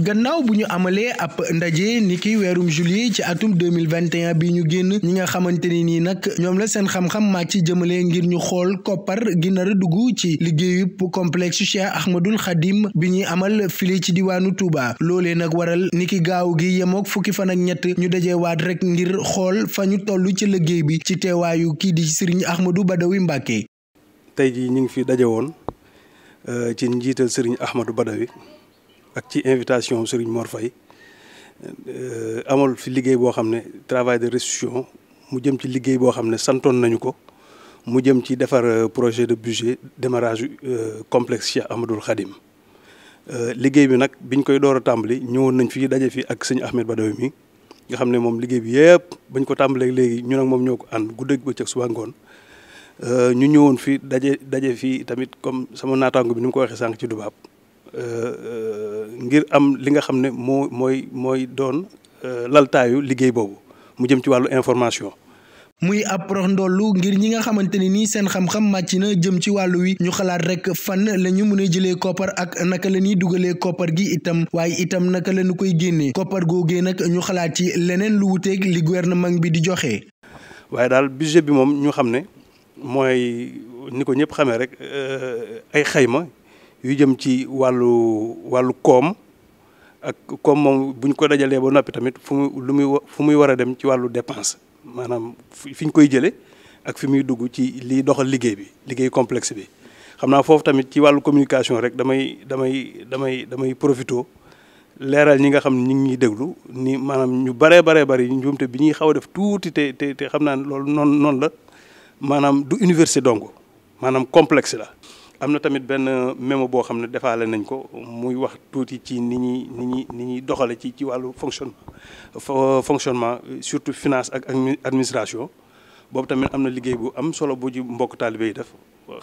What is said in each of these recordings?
gannaaw bu ñu amalee ab ndaje ni ki weerum juillet ci atum 2021 bi ñu génn ñi nga xamante ni nii ñoom la seen xamxam xam ci jëmale ngir ñu xool koppar gi nar a dugg ci liggéeyub complexe Cheikh Ahmadul Xadim bi ñuy amal fili ci diwaanu Touba loolee nag waral ni ki gaaw gi yemook fukki fan ak ñett ñu dajewaat rek ngir xool fa ñu toll ci liggéey bi ci teewaayu kii di Serigne Ahmadou Badawi Mbàkke tey jii ñu ngi fi daje woon euh, ci njiital Serigne Ahmadou Badawi ak ci invitation Serigne Mor Faye euh, amal fi liggéey boo xam ne travail de restitution mu jëm ci liggéey boo xam ne santoon nañu ko mu jëm ci defar euh, projet de budget démarrage euh, complexe Cheikh Ahmadoul Khadim liggéey bi nag biñ koy door a tàmbali ñëwoon nañ fi daje fi ak sëñ Ahmed Badawi mi nga xam ne moom liggéey bi yëpp bañ ko tàmbalee léegi ñu ak moom ñoo ko ànd guddeeg bëccëg suba ngoon ñu ñëwoon fi daje daje fii tamit comme sama naataango bi ni mu ko waxee sànq ci dubaab ngir am li nga xam ne moo mooy mooy doon euh, laltaayu liggéey boobu mu jëm ci wàllu information. muy ab prox ndollu ngir ñi nga xamante ni nii seen xam-xam màcc na jëm ci wàllu wi ñu xalaat rek fan la ñu mën a jëlee koppar ak naka la ñuy dugalee koppar gi itam waaye itam naka la ñu koy génnee koppar googee nag ñu xalaat ci leneen lu wuteeg li gouvernement bi di joxe. waaye daal buget bi moom ñu xam ne mooy ni ko ñëpp xamee rek euh, ay xayma yu jëm ci wàllu wàllu koom ak koom moom bu ñu ko dajalee ba noppi tamit fu mu lu muy fu muy war a dem ci wàllu dépense maanaam fi ñu koy jëlee ak fi muy dugg ci lii doxal liggéey bi liggéey complexe bi. xam naa foofu tamit ci wàllu communication rek damay damay damay damay profito leeral ñi nga xam ne ñu ngi ñuy déglu ni maanaam ñu baree baree bari njuumte bi ñuy xaw a def tuuti te te te xam naa ne loolu noonu noonu la maanaam du université dong maanaam complexe la. am na tamit benn mémo boo xam ne defaale nañ ko muy wax tuuti ci ni ñuy ni ñuy ni ñuy doxale ci ci wàllu fonctionnement fonctionnement surtout finance ak administration boobu tamit am na liggéey bu am solo bu ji mbokk taalibe yi def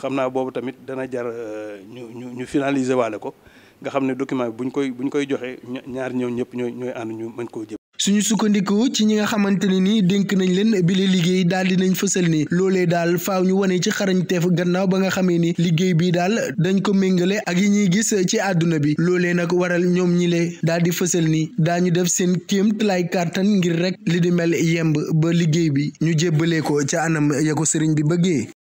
xam naa boobu tamit dana jar euh, ñu ñu ñu finaliser waale ko nga xam ne document bu ñu koy buñ koy joxee ñaar ñëw ñëpp ñooy ñooy ànd ñu mën koo jël suñu sukkandiku ci ñi nga xamante ne ni dénk nañ leen bi liggéey daal dinañ fësal ni loolee daal faaw ñu wane ci xarañteef gannaaw ba nga xamee ni liggéey bii daal dañ ko méngale ak yi ñuy gis ci àdduna bi loolee nag waral ñoom ñi le daal di fësal ni daañu def seen kéem tolluwaay kàttan ngir rek li di mel yemb ba liggéey bi ñu jébbalee ko ca anam ya ko sëriñ bi bëggee